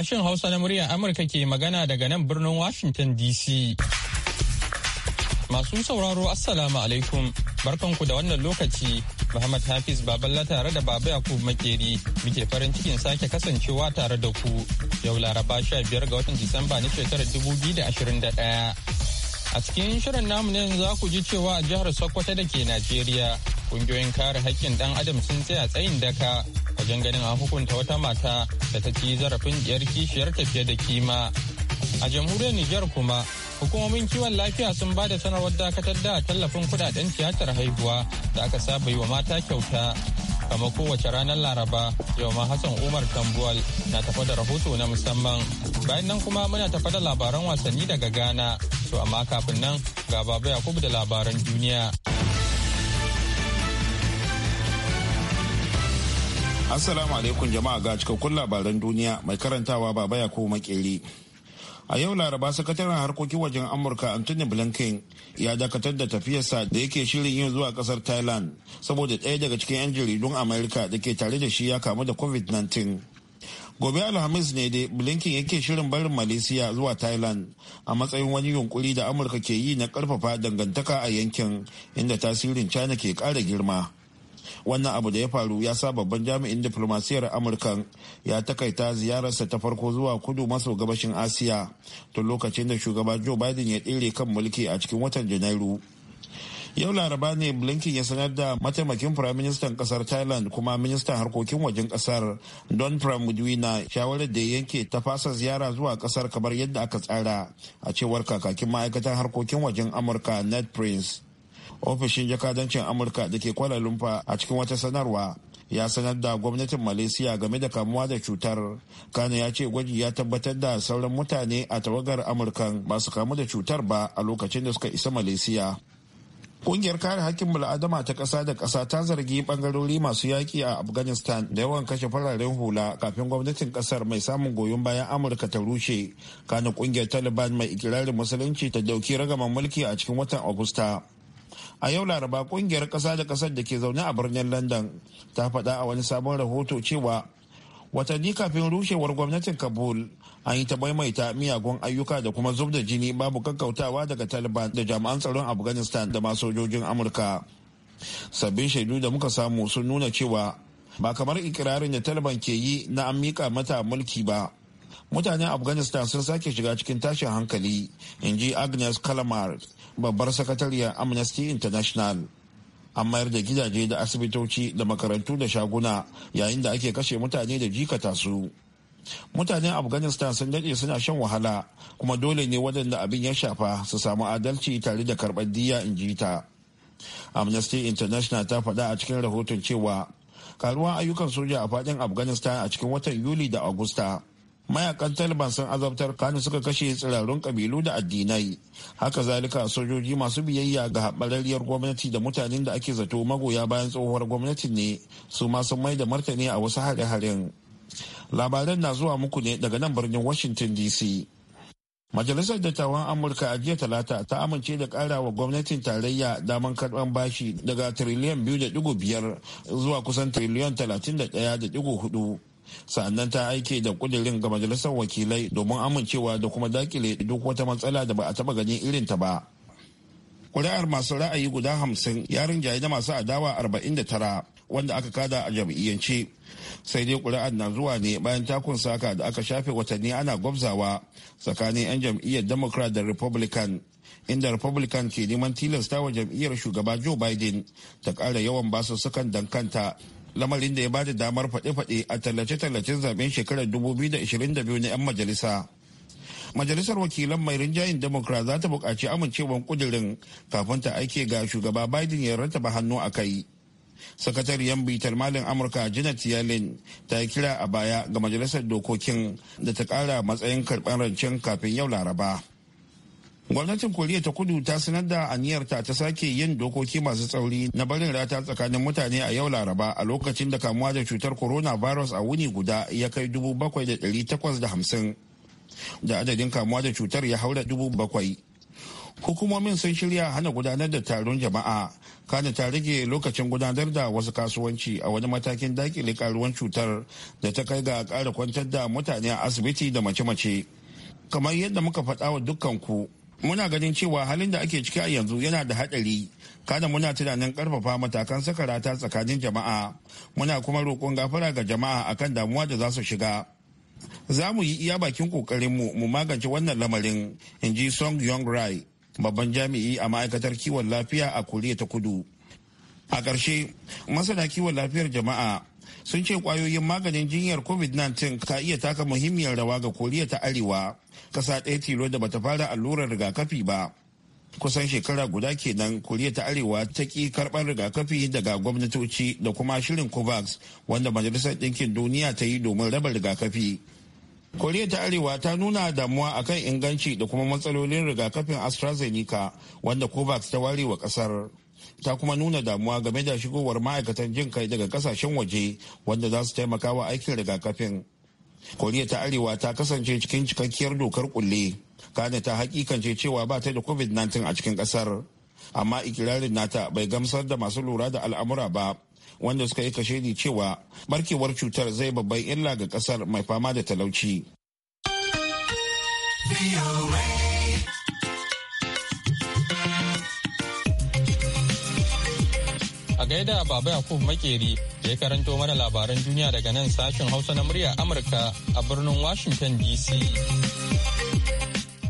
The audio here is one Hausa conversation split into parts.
Sashen Hausa na muryar Amurka ke magana daga nan birnin Washington DC. Masu sauraro Assalamu alaikum barkanku da wannan lokaci Muhammad Hafiz Baballa tare da Baba Yakubu Makeri muke farin cikin sake kasancewa tare da ku yau Laraba sha biyar ga watan Disamba na shekarar ɗaya A cikin shirin namu ne za ku ji cewa a jihar Sokoto da ke Najeriya kungiyoyin kare haƙƙin ɗan adam sun tsaya tsayin daka wajen ganin an hukunta wata mata da ta ci zarafin diyar kishiyar tafiye da kima. A jamhuriyar Nijar kuma hukumomin kiwon lafiya sun ba da sanarwar dakatar da tallafin kudaden tiyatar haihuwa da aka saba yi wa mata kyauta. Kama kowace ranar Laraba, yau ma Hassan Umar Tambuwal na tafa da rahoto na musamman. Bayan nan kuma muna tafa da labaran wasanni daga Ghana. To amma kafin nan ga Baba Yakubu da labaran duniya. Assalamu alaikum jama'a ga cikakkun labaran duniya mai karantawa baba ya ko makeri. A yau laraba sakataren harkokin wajen Amurka Anthony Blinken ya dakatar da tafiyarsa da yake shirin yin zuwa kasar Thailand saboda ɗaya daga cikin 'yan jaridun Amerika da ke tare da shi ya kamu da COVID-19. Gobe Alhamis ne dai Blinken yake shirin barin Malaysia zuwa Thailand a matsayin wani yunkuri da Amurka ke yi na karfafa dangantaka a yankin inda tasirin China ke ƙara girma. wannan abu da ya faru ya sa babban jami'in diplomasiyar amurka ya takaita ziyararsa ta farko zuwa kudu maso gabashin asiya tun lokacin da shugaba joe biden ya tsere kan mulki a cikin watan janairu yau laraba ne blinken ya sanar da mataimakin firaministan kasar thailand kuma ministan harkokin wajen kasar don pramudwina shawarar da yanke ta fasa ziyara zuwa kasar kamar yadda aka tsara a cewar kakakin ma'aikatan harkokin wajen amurka ned prince ofishin jakadancin amurka da ke kwala lumfa a cikin wata sanarwa ya sanar da gwamnatin malaysia game da kamuwa da cutar kano ya ce gwaji ya tabbatar da sauran mutane a tawagar amurkan ba kamu da cutar ba a lokacin da suka isa malaysia Kungiyar kare hakkin bala'adama ta kasa da kasa ta zargi bangarori masu yaƙi a Afghanistan da yawan kashe fararen hula kafin gwamnatin kasar mai samun goyon bayan Amurka ta rushe. kano kungiyar Taliban mai ikirarin musulunci ta dauki ragaman mulki a cikin watan Agusta. a yau laraba kungiyar ƙasa da ƙasar da ke zaune a birnin london ta faɗa a wani sabon rahoto cewa watanni kafin rushewar gwamnatin kabul an yi ta maimaita miyagun ayyuka da kuma zub da jini babu kakkautawa daga taliban da jami'an tsaron afghanistan da ma sojojin amurka sabbin shaidu da muka samu sun nuna cewa ba kamar ikirarin da taliban ke yi na an mika mata mulki ba mutanen afghanistan sun sake shiga cikin tashin hankali in ji agnes calamard babbar sakatariyar amnesty international an mayar da gidaje da asibitoci da makarantu da shaguna yayin da ake kashe mutane da jikata su mutanen afghanistan sun daɗe suna shan wahala kuma dole ne waɗanda abin ya shafa su samu adalci tare da karbar diya in ji ta amnesty international ta faɗa a cikin rahoton cewa karuwan ayyukan soja a faɗin afghanistan a cikin watan yuli da agusta mayakan taliban sun azabtar kanu suka kashe tsirarun kabilu da addinai haka zalika sojoji masu biyayya ga haɓararriyar gwamnati da mutanen da ake zato magoya bayan tsohuwar gwamnati ne su ma mai da martani a wasu hare-haren labaran na zuwa muku ne daga nan birnin washington dc Majalisar Dattawan Amurka a jiya Talata ta amince da ƙara wa gwamnatin tarayya damar karɓar bashi daga tiriliyan biyu da zuwa kusan tiriliyan talatin da ɗaya da digo hudu sannan ta aike da kudirin ga majalisar wakilai domin amincewa da kuma dakile duk wata matsala da ba a taba ganin irin ta ba kuri'ar masu ra'ayi guda hamsin ya rinjaye da masu adawa arba'in da tara wanda aka kada a jam'iyyance sai dai kuri'ar na zuwa ne bayan takun saka da aka shafe watanni ana gwabzawa tsakanin 'yan jam'iyyar democrat da republican inda republican ke neman tilasta wa jam'iyyar shugaba joe biden ta ƙara yawan sukan dankanta lamarin da ya bada damar faɗe-faɗe a tallace-tallacen zaben shekarar 2022 na 'yan majalisa. Majalisar wakilan mai rinjayin Democrat za ta buƙaci amincewar kudirin kafin ta aike ga shugaba Biden ya rattaba hannu a kai. Sakatariyar bitar malin Amurka Janet Yellen ta yi kira a baya ga majalisar dokokin da ta ƙara matsayin karɓar rancen kafin yau Laraba. gwamnatin koriya ta kudu ta sanar da aniyarta ta sake yin dokoki masu tsauri na barin rata tsakanin mutane a yau laraba a lokacin da kamuwa da cutar corona virus a wuni guda ya kai 7,850 da da adadin kamuwa da cutar ya haura 7,000 hukumomin sun shirya hana gudanar da taron jama'a kana ta rage lokacin gudanar da wasu kasuwanci a wani matakin dakile karuwan cutar da ta kai ga kara kwantar da mutane a asibiti da mace-mace kamar yadda muka faɗa wa dukkan ku muna ganin cewa halin da ake ciki a yanzu yana da haɗari kada muna tunanin karfafa matakan saka rata tsakanin jama'a muna kuma roƙon gafara ga jama'a akan damuwa da za su shiga za mu yi iya bakin ƙoƙarinmu mu mu magance wannan lamarin in ji song yong rai babban jami'i a ma'aikatar kiwon lafiya a koriya ta kudu a ƙarshe masana kiwon lafiyar jama'a sun ce kwayoyin maganin jinyar covid-19 ka iya taka muhimmiyar rawa ga koriya ta arewa kasa ɗaya tilo da bata fara allurar rigakafi ba kusan shekara guda kenan koriya ta arewa ta ki karɓar rigakafi daga gwamnatoci da kuma shirin covax wanda majalisar ɗinkin duniya ta yi domin raba rigakafi koriya ta arewa ta nuna damuwa akan inganci da kuma matsalolin rigakafin astrazeneca wanda covax ta ware wa ƙasar ta kuma nuna damuwa game da shigowar ma'aikatan jin kai daga kasashen waje wanda za su taimaka wa aikin rigakafin koriya ta arewa ta kasance cikin cikakkiyar dokar kulle kana ta hakikance cewa ba ta da covid-19 a cikin kasar amma ikirarin nata bai gamsar da masu lura da al'amura ba wanda suka yi kashe ni cewa barkewar cutar zai babban illa ga kasar mai fama da talauci. A gaida Baba Yakub Makeri ya karanto mana labaran duniya daga nan sashen Hausa na murya Amurka a birnin Washington DC.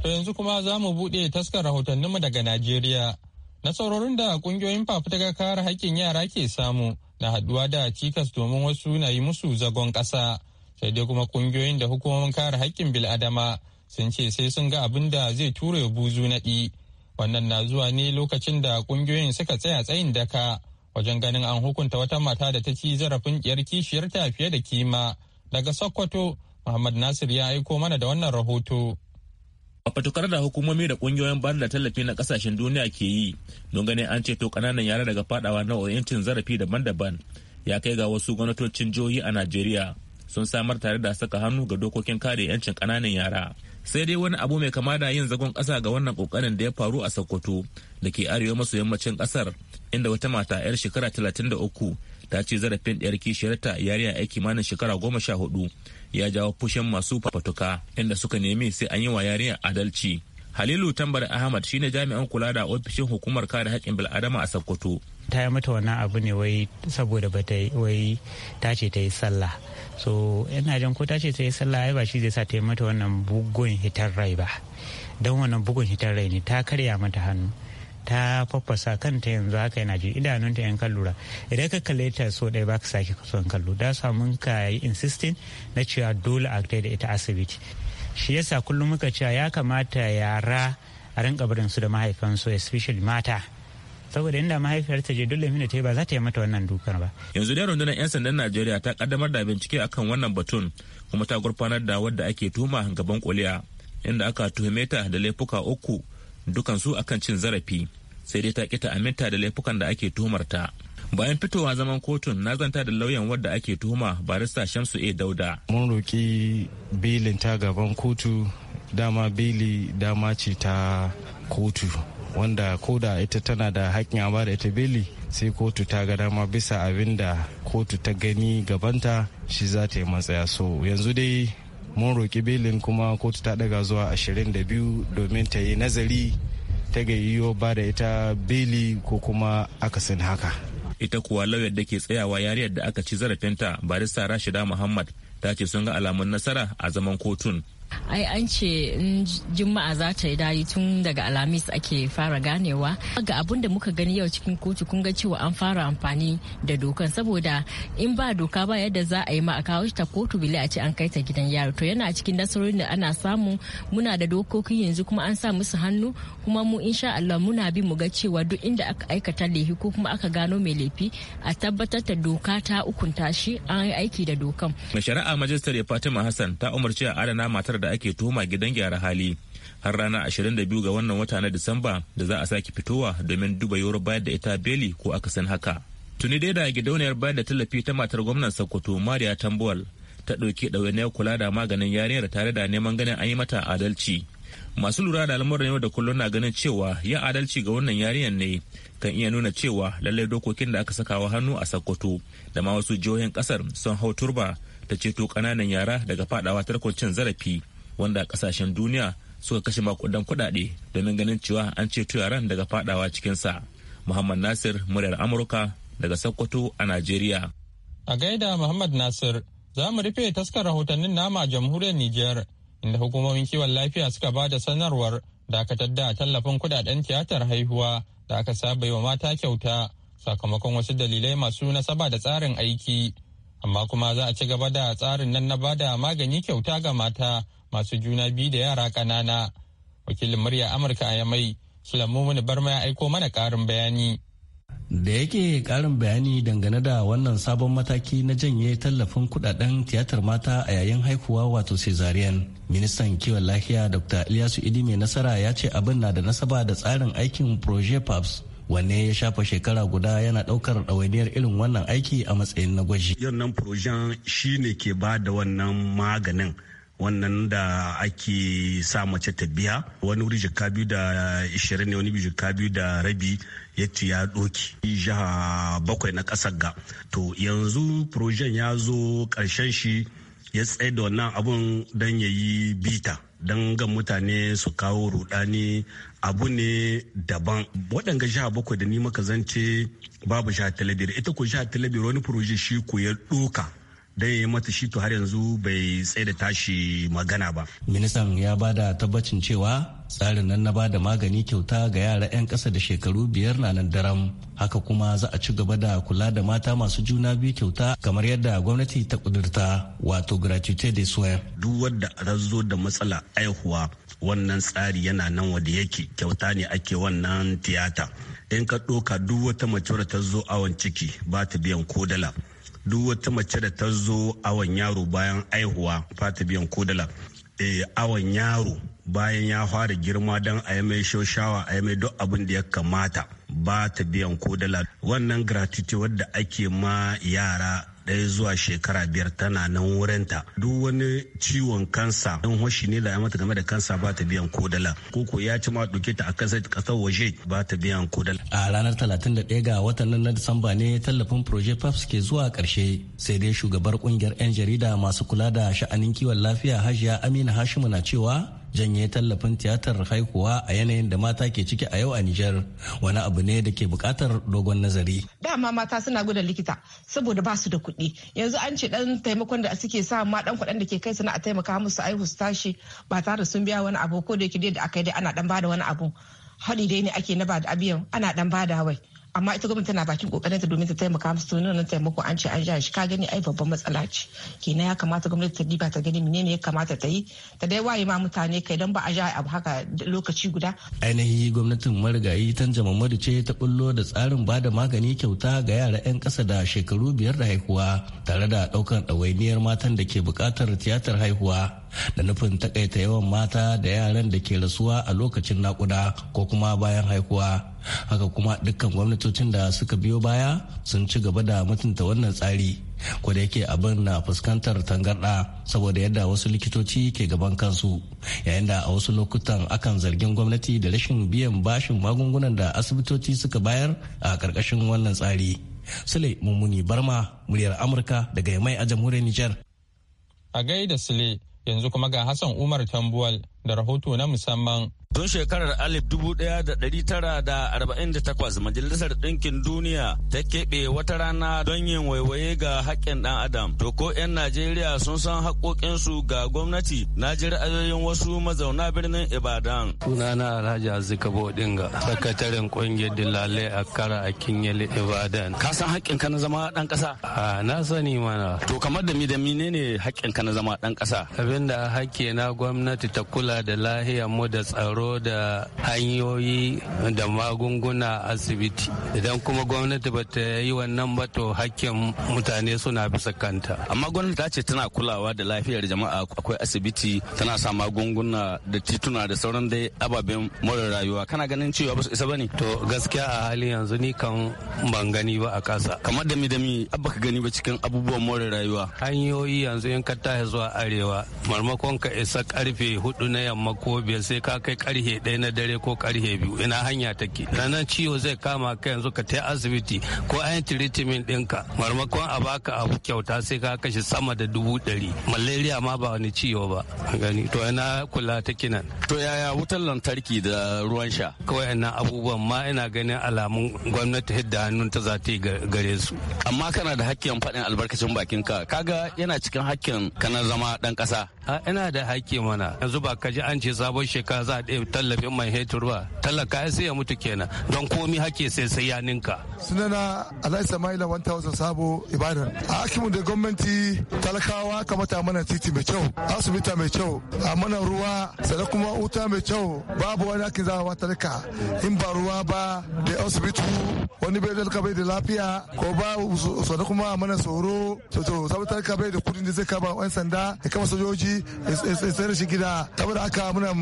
To yanzu kuma za mu buɗe taskar rahotanninmu daga Najeriya. Nasarorin da kungiyoyin fafutaka kare haƙƙin yara ke samu na haduwa da cikas domin wasu na yi musu zagon ƙasa. Sai dai kuma kungiyoyin da hukumomin kare haƙƙin bil'adama sun ce sai sun ga abin da zai ture buzu naɗi. Wannan na zuwa ne lokacin da kungiyoyin suka tsaya tsayin daka wajen ganin an hukunta wata mata da ta ci zarafin kishiyar kishiyarta fiye da kima daga sokoto muhammad nasir ya aiko mana da wannan rahoto a fatukar da hukumomi da kungiyoyin ba da tallafi na kasashen duniya ke yi don ganin an ceto kananan yara daga fadawa na oyancin zarafi daban-daban ya kai ga wasu gwamnatocin jihohi a najeriya sun samar tare da saka hannu ga dokokin kare 'yancin kananan yara sai dai wani abu mai kama da yin zagon kasa ga wannan kokarin da ya faru a sokoto da ke arewa maso yammacin kasar inda wata mata 'yar shekara 33 ta ce zarafin ɗiyar kishiyarta yarinya aiki manin shekara goma hudu ya jawo fushin masu fafatuka inda suka nemi sai an yi wa yarinya adalci halilu tambar ahmad shine jami'an kula da ofishin hukumar kare haƙƙin bil'adama a sokoto ta yi mata wannan abu ne wai saboda ba ta wai ta ce ta yi sallah so ina jan ko ta ce ta yi sallah ai ba shi zai sa ta yi mata wannan bugun hitar rai ba don wannan bugun hitar rai ne ta karya mata hannu ta faffasa kanta yanzu haka yana ji idanunta yan kan lura idan ka kalle ta so ɗaya ba ka sake son kallo da mun ka yi insisting na cewa dole a da ita asibiti shi yasa kullum muka cewa ya kamata yara a rinka barin su da mahaifansu especially mata saboda inda mahaifiyar ta je dole mina ta ba za ta yi mata wannan dukan ba yanzu dai rundunar yan sandan najeriya ta kaddamar da bincike akan wannan batun kuma ta gurfanar da wadda ake tuma gaban kuliya inda aka tuhume ta da laifuka uku dukan su akan cin zarafi sai dai ta ƙi ta aminta da laifukan da ake tuhumarta bayan fitowa zaman kotun na zanta da lauyan wadda ake tuhuma barista shamsu a dauda mun roƙi belin ta gaban kotu dama beli dama ce ta kotu wanda koda ita tana da haƙƙin a da ita beli sai kotu ta ga dama bisa abin da kotu ta gani gabanta shi za ta yi matsaya so yanzu dai mun roƙi belin kuma kotu ta daga zuwa 22 domin ta yi nazari ta gayyo ba da ita beli ko kuma akasin haka ita kuwa lauyar da ke tsayawa yariyar da aka ci zarafinta barista rashida muhammad ta ce sun ga alamun nasara a zaman kotun ai an ce in juma'a za ta yi dayi tun daga alhamis ake fara ganewa ga abun da muka gani yau cikin kotu kun ga cewa an fara amfani da dokan saboda in ba doka ba yadda za a yi ma a kawo ta kotu bile a ce an kai ta gidan yaro to yana cikin nasarorin da ana samu muna da dokokin yanzu kuma an sa musu hannu kuma mu insha Allah muna bi mu ga cewa duk inda aka aikata laifi ko kuma aka gano mai laifi a tabbatar da doka ta ukunta shi an yi aiki da dokan. Mai shari'a majistar Fatima Hassan ta umarci a adana matar da ake toma gidan gyara hali har ranar 22 ga wannan wata na disamba da za a sake fitowa domin duba yiwuwar bayar da ita beli ko akasin haka tuni dai da gidauniyar bayar da tallafi ta matar gwamnan sokoto mariya tambuwal ta ɗauki ɗawainiyar kula da maganin yarinyar tare da neman ganin an yi mata adalci masu lura da al'amuran yau da kullum na ganin cewa yin adalci ga wannan yarinyar ne kan iya nuna cewa lallai dokokin da aka sakawa hannu a sokoto da ma wasu jihohin kasar sun hau turba ta ceto kananan yara daga fadawa tarkon cin zarafi wanda kasashen duniya suka kashe makudan kuɗaɗe domin ganin cewa an ceto yaran daga fadawa cikinsa. Muhammad Nasir muryar Amurka daga Sokoto a Najeriya. A gaida Muhammad Nasir za mu rufe taskar rahotannin nama jamhuriyar Nijar inda hukumomin kiwon lafiya suka ba da sanarwar dakatar da tallafin kudaden tiyatar haihuwa da aka saba yi wa mata kyauta sakamakon wasu dalilai masu nasaba da tsarin aiki. amma kuma za a ci gaba da tsarin nan na bada magani kyauta ga mata masu juna biyu da yara ƙanana wakilin murya amurka a yamai sulamumun barma ya aiko mana ƙarin bayani da yake ƙarin bayani dangane da wannan sabon mataki na janye tallafin kudaden tiyatar mata a yayin haihuwa wato cesarean ministan kiwon lafiya dr ilyasu idi mai nasara ya ce abin na da nasaba da tsarin aikin proje paps wanne ya shafa shekara guda yana ɗaukar ɗawainiyar irin wannan aiki a matsayin na gwaji. Yannan projan shi ne ke ba da wannan maganin wannan da ake sa mace ta biya wani wuri jika biyu da ishirin ne wani jika biyu da rabi ya ce ya doki jiha bakwai na ƙasar ga to yanzu projan ya zo ƙarshen shi ya tsaye da wannan abun don ya yi bita don ga mutane su kawo rudani abu ne daban waɗanga sha bakwai da ni maka zance babu sha talabiyar ita ko sha talabiyar wani furoji shi ku ya ɗoka da ya mata shi to har yanzu bai tsaye da tashi magana ba. Ministan ya ba da tabbacin cewa tsarin nan na ba da magani kyauta ga yara 'yan ƙasa da shekaru biyar na nan daram. Haka kuma za a ci gaba da kula da mata masu juna biyu kyauta kamar yadda gwamnati ta kudurta wato gratuite de soin. Duk wadda razzo da matsala aihuwa wannan tsari yana nan wadda yake kyauta ne ake wannan tiyata in ka ɗoka duk wata mace ta zo awon ciki ba ta biyan ko dala duk wata mace da ta zo awon yaro bayan aihuwa fata biyan kodala e, eh, awon yaro bayan ya fara girma don a yi mai shoshawa a yi mai duk abin da ya kamata ba ta biyan kodala wannan gratitude wadda ake ma yara daya zuwa shekara biyar tana nan wurinta duk wani ciwon kansa don hoshi ne da ya mata game da kansa ba ta biyan kodala ko ko ya ci ma ɗauke ta a kasar kasar waje ba ta biyan kodala. a ranar 31 ga watan nan na disamba ne tallafin project paps ke zuwa karshe sai dai shugabar kungiyar 'yan jarida masu kula da sha'anin kiwon lafiya hajiya amina hashimu na cewa janye tallafin tiyatar haikuwa a yanayin da mata ke ciki a yau a Nijar wani abu ne da ke bukatar dogon nazari. Dama mata suna gudun likita saboda basu da kuɗi. Yanzu an ce dan taimakon da suke sa ma dan kuɗin da ke kai suna a taimaka musu aihu su tashi ba tare sun biya wani abu ko da yake da aka yi dai ana dan bada wani abu. Haɗi dai ne ake na ba da abiyan ana dan bada wai. amma ita gwamnati tana bakin kokarinta domin ta taimaka musu to nan taimako an ce an ja shi ka gani ai babban matsala ce kenan ya kamata gwamnati ta diba ta gani menene ya kamata ta yi ta dai waye ma mutane kai dan ba a ja abu haka lokaci guda ainihi gwamnatin marigayi tanja mamadu ce ta bullo da tsarin ba da magani kyauta ga yara yan kasa da shekaru biyar da haihuwa tare da daukar ɗawainiyar matan da ke buƙatar tiyatar haihuwa da nufin takaita yawan mata da yaran da ke rasuwa a lokacin nakuda ko kuma bayan haihuwa haka kuma dukkan gwamnatocin da suka biyo baya sun ci gaba da mutunta wannan tsari ko da yake abin na fuskantar tangarɗa saboda yadda wasu likitoci ke gaban kansu yayin da a wasu lokutan akan zargin gwamnati da rashin biyan bashin magungunan da asibitoci suka bayar a ƙarƙashin wannan tsari sule mummuni barma muryar amurka daga mai a jamhuriyar nijar a gaida sule yanzu kuma ga hassan umar tambuwal da rahoto na musamman Tun shekarar 1948 Majalisar Ɗinkin Duniya ta keɓe wata rana don yin waiwaye ga haƙƙin ɗan Adam. To ko 'yan Najeriya sun san haƙoƙinsu ga gwamnati na ji ra'ayoyin wasu mazauna birnin Ibadan. Sunana Alhaji Azika Bodinga, sakataren ƙungiyar Dillalai a Kara a Kinyali Ibadan. Ka san haƙƙin ka na zama ɗan ƙasa? A na sani mana. To kamar da mi da mine ne ka na zama ɗan ƙasa? Abinda haƙƙi na gwamnati ta kula da lahiyar mu da tsaro tsaro da hanyoyi da magunguna asibiti idan kuma gwamnati ba ta yi wannan ba to hakkin mutane suna bisa kanta amma gwamnati ta ce tana kulawa da lafiyar jama'a akwai asibiti tana sa magunguna da tituna da sauran dai ababen more rayuwa kana ganin cewa ba su isa bane to gaskiya a hali yanzu ni kan ban gani ba a kasa kamar da midami abba ka gani ba cikin abubuwan more rayuwa hanyoyi yanzu in ka tashi zuwa arewa marmakon ka isa karfe hudu na yamma ko biyar sai ka kai karhe ɗaya na dare ko karhe biyu ina hanya take ranar ciwo zai kama ka yanzu ka tai asibiti ko ayin tiritimin ɗinka marmakon a baka abu kyauta sai ka kashe sama da dubu ɗari malaria ma ba wani ciwo ba gani to ina kula ta kinan to yaya wutar lantarki da ruwan sha kawai ina abubuwan ma ina ganin alamun gwamnati hidda hannun ta za ta yi gare su amma kana da hakkin faɗin albarkacin bakin ka kaga yana cikin hakkin kana zama ɗan ƙasa ina da hakki mana yanzu ba ka ji an ce sabon shekara za a ɗaya tallafin mai heturwa talaka ya sai ya mutu kenan don komi hake sai sai ya ninka sunana alai samaila 1000 sabo ibadan a hakimu da gwamnati talakawa kamata mana titi mai kyau asibita mai kyau a mana ruwa sannan kuma wuta mai kyau babu wani hakin za a talaka in ba ruwa ba da asibiti wani bai talaka bai da lafiya ko ba sannan kuma a mana tsoro to sabu talaka bai da kudin da zai kama wani sanda ya kama sojoji ya tsere shi gida saboda aka muna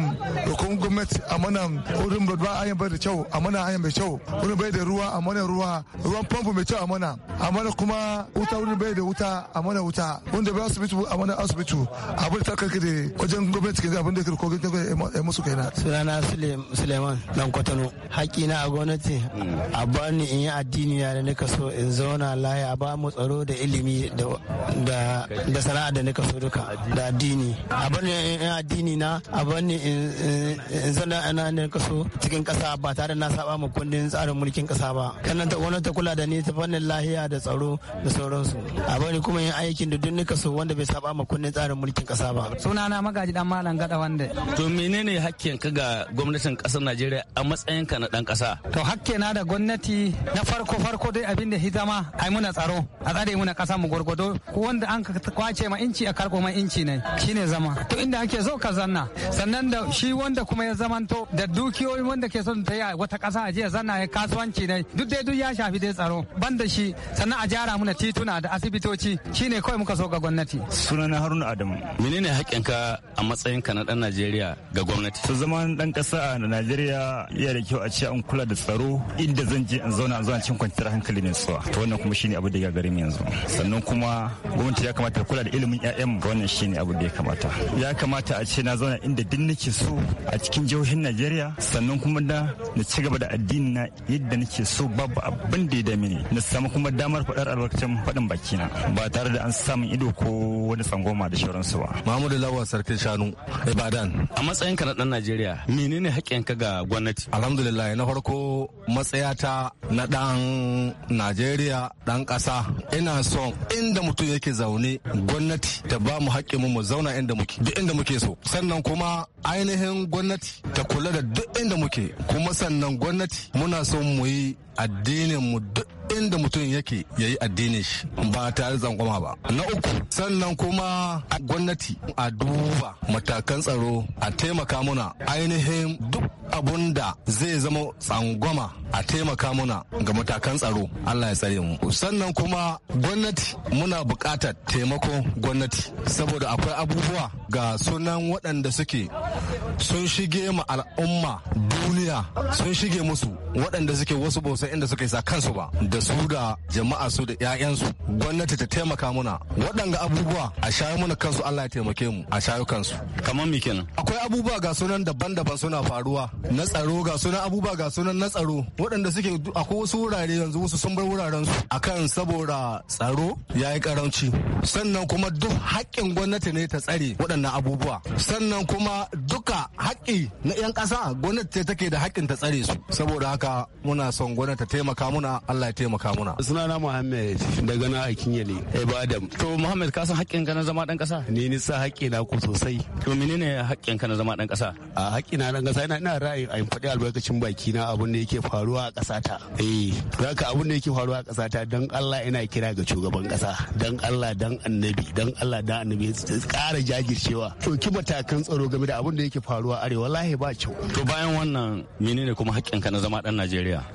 gwamnati a mana wurin ba a bai da kyau a mana hanyar mai kyau wurin bai da ruwa a mana ruwa ruwan famfo mai kyau a mana a mana kuma wuta wurin bai da wuta a mana wuta wanda bai asibiti a mana asibiti abin ta kai da wajen gwamnati ke abin da ke kogin da kai musu kaina. sunana suleiman dan kwatano haƙi na a gwamnati a bani in yi addini ya da nika so in zauna laya a ba mu tsaro da ilimi da sana'a da nika so duka da addini a bani in addini na a bani in in na ana ne kaso cikin kasa ba tare na saba ma kundin tsarin mulkin kasa ba kannan ta wani ta kula da ni ta fannin lahiya da tsaro da sauransu a bari kuma yin aikin da duk kaso wanda bai saba ma kundin tsarin mulkin kasa ba Suna na magaji dan malam gada wanda to menene hakkin ka ga gwamnatin kasar Najeriya a matsayin ka na dan kasa to hakke na da gwamnati na farko farko dai abin da hidama ai muna tsaro a tsare muna kasa mu gurgudo ko wanda an kwace ma inci a karko ma inci ne shine zama to inda ake zo ka zanna sannan da shi wanda kuma ya zamanto da dukiyoyi wanda ke son ta yi wata ƙasa a jiya zanna ya kasuwanci ne duk dai duk ya shafi dai tsaro ban da shi sannan a jara muna tituna da asibitoci shine kawai muka so ga gwamnati. Sunana Haruna Adamu. Menene haƙƙinka a matsayinka na dan Najeriya ga gwamnati? Su zama dan ƙasa a Najeriya iya da kyau a ce an kula da tsaro inda zan je in zauna zuwa cikin kwanciyar hankali mai tsawa. To wannan kuma shine abu da ya gare mu yanzu. Sannan kuma gwamnati ya kamata kula da ilimin ƴaƴanmu wannan shine abu da ya kamata. Ya kamata a ce na zauna inda duk nake so a cikin cikin jihohin Najeriya sannan kuma da na ci gaba da addini na yadda nake so babu abin da ya dame ni na samu kuma damar faɗar albarkacin faɗin bakina ba tare da an samun ido ko wani tsangoma da shauransu ba. Muhammadu Lawa Sarkin Shanu Ibadan. A matsayin ka na ɗan Najeriya menene ka ga gwamnati? Alhamdulillah na farko matsayata na ɗan Najeriya ɗan ƙasa ina son inda mutum yake zaune gwamnati ta ba mu haƙƙin mu zauna inda muke duk inda muke so sannan kuma ainihin gwamnati gwamnati ta kula da duk inda muke kuma sannan gwamnati muna son mu yi addinin mu duk inda mutum yake ya yi addinin shi ba tare da tsangwama ba na uku sannan kuma gwamnati a duba matakan tsaro a taimaka muna ainihin duk abun da zai zama tsangwama a taimaka muna ga matakan tsaro allah ya tsare mu sannan kuma gwamnati muna buƙatar taimako gwamnati saboda akwai abubuwa ga sunan waɗanda suke sun shige ma al'umma duniya sun shige musu waɗanda suke wasu san inda suka sa kansu ba da su da jama'a su da 'ya'yansu gwamnati ta taimaka muna waɗanga abubuwa a shayo muna kansu Allah ya taimake mu a shayo kansu kamar me kenan akwai abubuwa ga sunan daban-daban suna faruwa na tsaro ga sunan abubuwa ga sunan na tsaro waɗanda suke akwai wasu wurare yanzu wasu sun bar wuraren su akan saboda tsaro yayi karanci sannan kuma duk haƙƙin gwamnati ne ta tsare waɗannan abubuwa sannan kuma duka haƙƙi na 'yan ƙasa gwamnati take da haƙƙin ta tsare su saboda haka muna son gwamnati ta taimaka muna Allah ya taimaka muna sunana Muhammad daga na eh badam to Muhammad ka san haƙƙin ka na zama dan ƙasa ni ni sa haƙƙi na ku sosai to menene haƙƙin ka na zama dan ƙasa a haƙƙi na dan ƙasa ina ina ra'ayi a faɗi albarkacin baki na abin da yake faruwa a ƙasata eh zaka abin da yake faruwa a ƙasata dan Allah ina kira ga shugaban ƙasa dan Allah dan annabi dan Allah dan annabi ƙara jajircewa to ki matakan tsaro game da abin da yake faruwa arewa wallahi ba kyau to bayan wannan menene kuma haƙƙin ka na zama dan Najeriya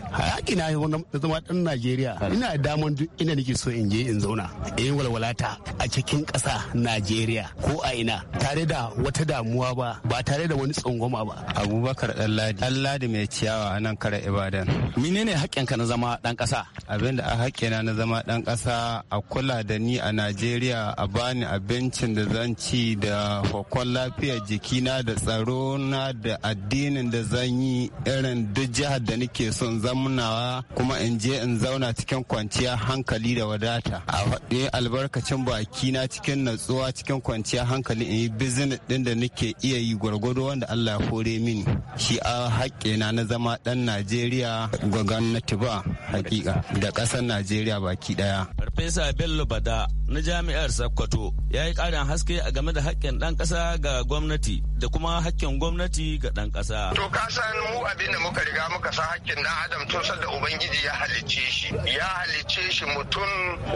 ina na zama dan Najeriya ina daman duk ina nake so in je in zauna in walwalata a cikin ƙasa Najeriya ko a ina tare da wata damuwa ba ba tare da wani tsangwama ba Abubakar Ɗanladi Ɗanladi mai ciyawa a nan kare Ibadan menene haƙƙinka na zama dan ƙasa abin da a haƙƙina na zama dan ƙasa a kula da ni a Najeriya a bani abincin da zan ci da hokon lafiyar jikina da tsaro na da addinin da zan yi irin duk jihar da nake son zamunawa kuma in je in zauna cikin kwanciya hankali da wadata a faɗi albarkacin baki na cikin natsuwa cikin kwanciya hankali in yi bizinin ɗin da nake iya yi gwargwado wanda Allah ya hore mini shi a haƙƙe na na zama ɗan Najeriya ga gwamnati ba hakika da ƙasar Najeriya baki ɗaya. Farfesa Bello Bada na jami'ar Sokoto ya yi ƙarin haske a game da haƙƙin ɗan ƙasa ga gwamnati da kuma haƙƙin gwamnati ga ɗan ƙasa. To ka san mu abin da muka riga muka san haƙƙin ɗan Adam tun Da ubangiji ya halicce shi ya halicce shi mutum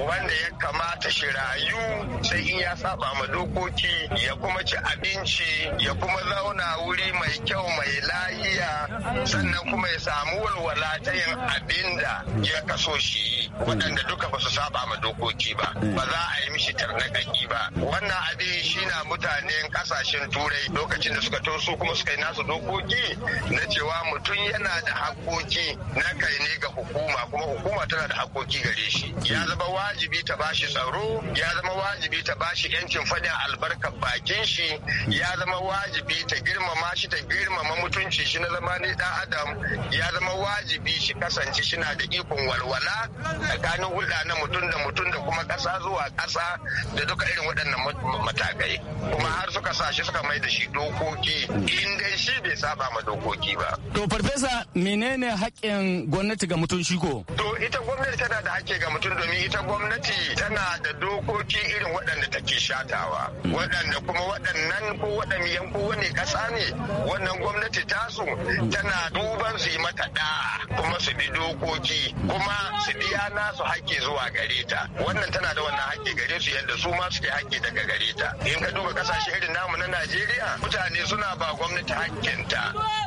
wanda ya kamata shi rayu sai in ya saba ma dokoki ya kuma ci abinci ya kuma zauna wuri mai kyau mai lahiya sannan kuma ya samu walwala ta yin abin da ya kaso shi yi waɗanda duka ba su saba ma dokoki ba ba za a yi mishi tarnakaki ba wannan abin shi na mutanen kasashen turai lokacin da suka toso kuma suka yi nasu dokoki na cewa mutum yana da haƙoƙi na kai ne ga hukuma kuma hukuma tana da hakoki gare shi ya zama wajibi ta bashi tsaro ya zama wajibi ta bashi yancin faɗin albarkar bakin shi ya zama wajibi ta girmama shi ta girmama mutunci shi na zama ne dan adam ya zama wajibi shi kasance shina da ikon walwala tsakanin hulɗa na mutum da mutum da kuma ƙasa zuwa ƙasa da duka irin waɗannan matakai kuma har suka sa shi suka mai da shi dokoki in dai shi bai saba ma dokoki ba to farfesa menene haƙƙin gwamnati gwamnati ga mutum shi ko. To ita gwamnati tana da hake ga mutum domin ita gwamnati tana da dokoki irin waɗanda take shatawa. Mm. Waɗanda kuma waɗannan ko waɗannan yanko wani ƙasa ne wannan gwamnati tasu mm. tana duban su yi mata ɗa kuma su bi dokoki kuma su biya nasu hake zuwa gare ta. Wannan tana da wannan hake gare su yadda su ma suke hake daga gare ta. In ka duba ƙasashe irin namu na Najeriya mutane suna ba gwamnati hakinta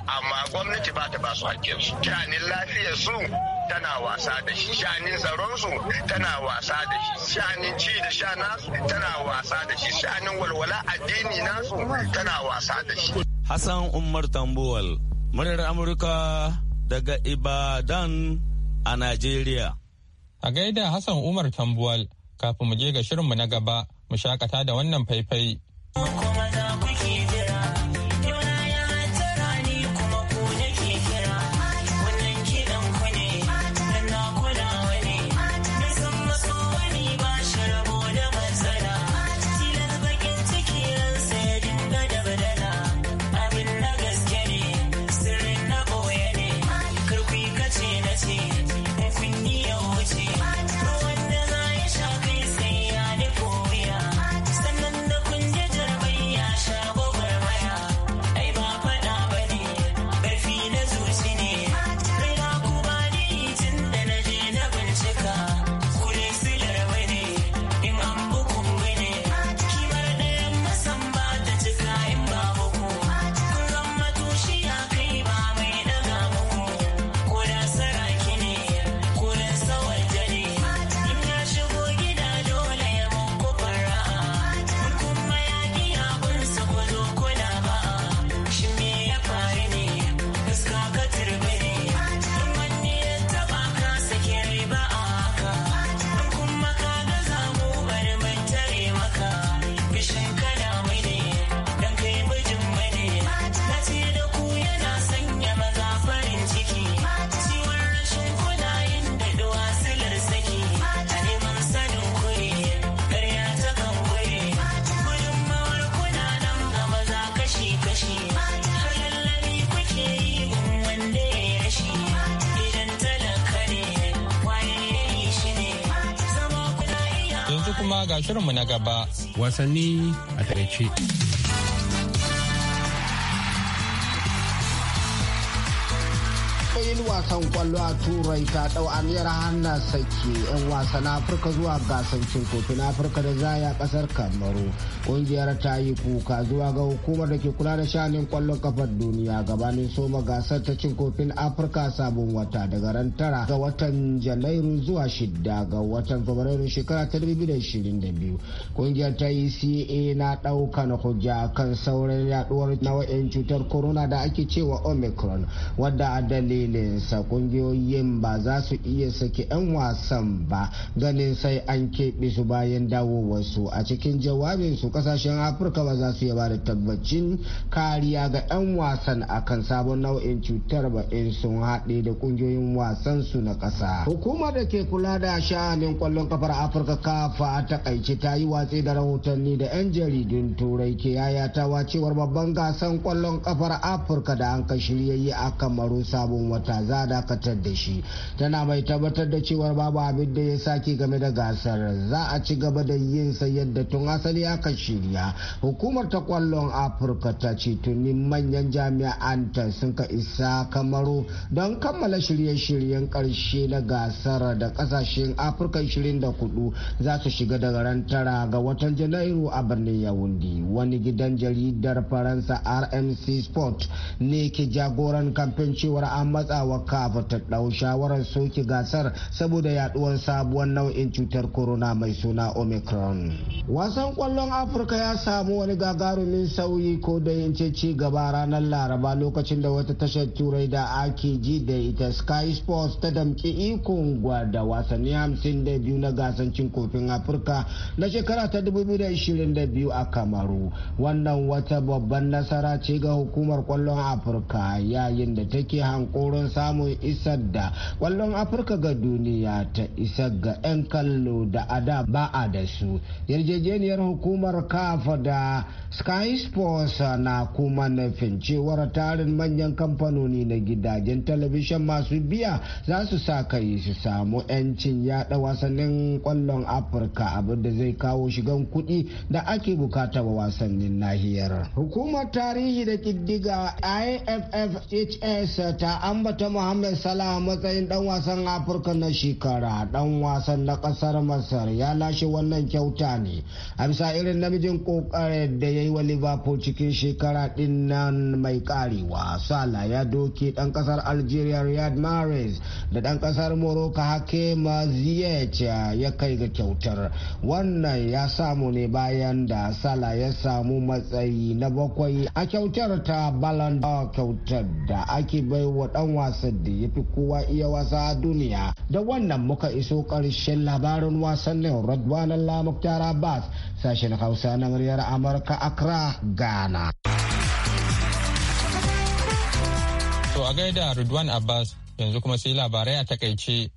amma gwamnati ba ta ba su haƙƙinsu. lafiyar lafiyarsu su tana wasa da shi shanin su tana wasa da shi shanin ci da sha nasu tana wasa da shi shanin walwala addini nasu tana wasa da shi Hassan Umar Tambuwal muryar Amurka daga Ibadan a Najeriya A gaida Hassan Umar Tambuwal kafin mu je ga shirinmu na gaba mu shakata da wannan faifai. wasanni a takaice. Yilwa kan kwallo a turai ta dau aniyar hana sai ke 'yan wasan afirka zuwa gasar cin kofin afirka da zaya kasar kamaru kungiyar ta yi kuka zuwa ga hukumar da ke kula da shanin kwallon kafar duniya gabanin soma gasar ta cin kofin afirka sabon wata daga ran tara ga watan janairu zuwa shida ga watan fabrairu shekara ta 2022 kungiyar ta yi ca na daukan hujja kan sauran yaduwar nau'in cutar corona da ake cewa omicron wadda a dalilinsa kungiyoyin ba za su iya sake 'yan wasa kasan ba ganin sai an keɓe su bayan dawowarsu a cikin jawabinsu kasashen afirka ba za su yaba da tabbacin kariya ga 'yan wasan akan sabon nau'in cutar ba in sun haɗe da ƙungiyoyin wasan su na ƙasa hukumar da ke kula da sha'anin kwallon kafar afirka kafa a takaice ta yi watsi da rahotanni da 'yan jaridun turai ke yayatawa cewar babban gasan kwallon kafar afirka da an ka yi a kamaru sabon wata za a dakatar da shi tana mai tabbatar da cewar babu babu abin da ya sake game da gasar za a ci gaba da yin sa yadda tun asali aka shirya hukumar ta kwallon afirka ta ce tuni manyan jami'an ta sun ka isa kamaru don kammala shirye-shiryen karshe na gasar da kasashen afirka 24 za su shiga daga ran ga watan janairu a birnin yawundi wani gidan jaridar faransa rmc sport ne ke jagoran kamfen cewar an matsawa kafa ta ɗau shawarar soke gasar saboda ya yaduwar sabuwar nau'in cutar corona mai suna omicron wasan kwallon afirka ya samu wani gagarumin sauyi ko da yance ci gaba ranar laraba lokacin da wata tashar turai da ake ji da ita sky sports ta damki ikon gwada wasanni hamsin da biyu na gasar cin kofin afirka na shekara ta 2022 a kamaru wannan wata babban nasara ce ga hukumar kwallon afirka yayin da take hankoron samun isar da kwallon afirka ga duniya ta ta isa ga 'yan kallo da ada ba a da su yarjejeniyar hukumar kafa da sky sports na kuma nufin cewar tarin manyan kamfanoni na gidajen talabishin masu biya za su sa kai su samu 'yancin yada wasannin kwallon afirka abinda zai kawo shigan kuɗi da ake bukata wa wasannin nahiyar hukumar tarihi da kiddiga iffhs ta ambata muhammad salah matsayin dan wasan afirka na shekara Kamara dan wasan na kasar Masar ya lashe wannan kyauta ne a bisa irin namijin kokarin da ya yi wa Liverpool cikin shekara din nan mai karewa. Sala ya doke dan kasar Algeria Riyad Mahrez da dan kasar Morocco Hakim Ziyech ya kai ga kyautar. Wannan ya samu ne bayan da Sala ya samu matsayi na bakwai a kyautar ta Ballon d'Or kyautar da ake baiwa dan wasan da ya fi kowa iya wasa a duniya da wannan muka iso ƙarshen labarin wasannin Radwanan Lamuktar Abbas sashen Hausa na muryar Amurka Accra, Ghana. To a gaida Radwan Abbas yanzu kuma sai labarai a takaice.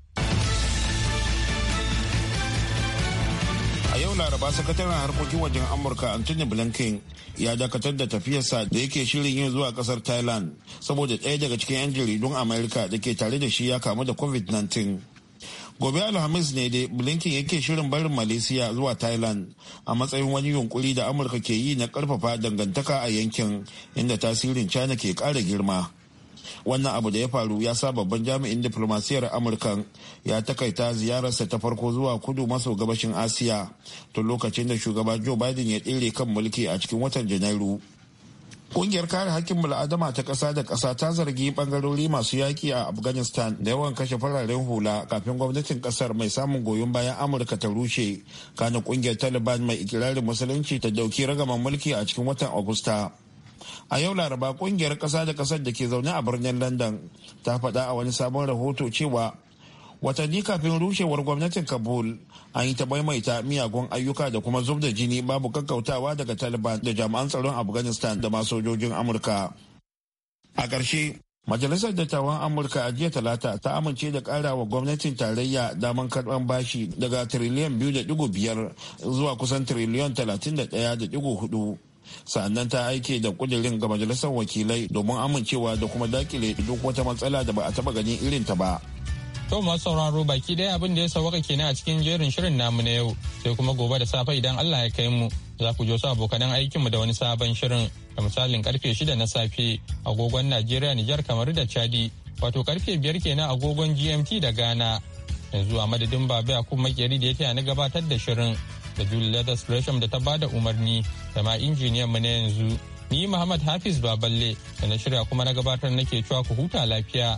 A yau Laraba sakataren harkokin wajen Amurka antony Blinken ya dakatar da tafiyarsa da yake shirin yin zuwa kasar Thailand saboda ɗaya daga cikin 'yan jaridun Amurka da ke tare da shi ya kamu da COVID-19. gobe alhamis ne dai blinken yake shirin barin malaysia zuwa thailand a matsayin wani yunkuri da amurka ke yi na karfafa dangantaka a yankin inda tasirin china ke kara girma wannan abu da ya faru ya sa babban jami'in diplomasiyar amurka ya takaita ziyararsa ta farko zuwa kudu maso gabashin asiya tun lokacin da shugaba joe biden ya tsere kan mulki a cikin watan janairu Kungiyar kare hakkin bil'adama ta ƙasa da ƙasa ta zargi bangarori masu yaƙi a Afghanistan da yawan kashe fararen hula kafin gwamnatin ƙasar mai samun goyon bayan Amurka ta rushe. Kana kungiyar Taliban mai ikirarin musulunci ta dauki ragaman mulki a cikin watan Agusta. A yau Laraba kungiyar ƙasa da ƙasar da ke zaune a birnin London ta faɗa a wani sabon rahoto cewa watanni kafin rushewar gwamnatin kabul an yi ta maimaita miyagun ayyuka da kuma zub da jini babu kakkautawa daga taliban da jami'an tsaron afghanistan da ma sojojin amurka a ƙarshe majalisar dattawan amurka a jiya talata ta amince da ƙara wa gwamnatin tarayya daman karɓar bashi daga tiriliyan biyu da ɗigo biyar zuwa kusan tiriliyan talatin da ɗaya da ɗigo hudu sannan ta aike da ƙudurin ga majalisar wakilai domin amincewa da kuma dakile duk wata matsala da ba a taɓa ganin irin ta ba To masu sauraro baki ɗaya abin da ya sauwaka kenan a cikin jerin shirin namu na yau sai kuma gobe da safe idan Allah ya kai mu za ku jo su abokanan aikinmu da wani sabon shirin da misalin karfe shida na safe agogon Najeriya Nijar kamar da Chadi wato karfe biyar kenan agogon GMT da Ghana yanzu a madadin babu a kuma makeri da ya taya na gabatar da shirin da Julie Leathers Gresham da ta ba da umarni da ma injiniyan mu na yanzu ni Muhammad Hafiz Baballe da na shirya kuma na gabatar nake cewa ku huta lafiya.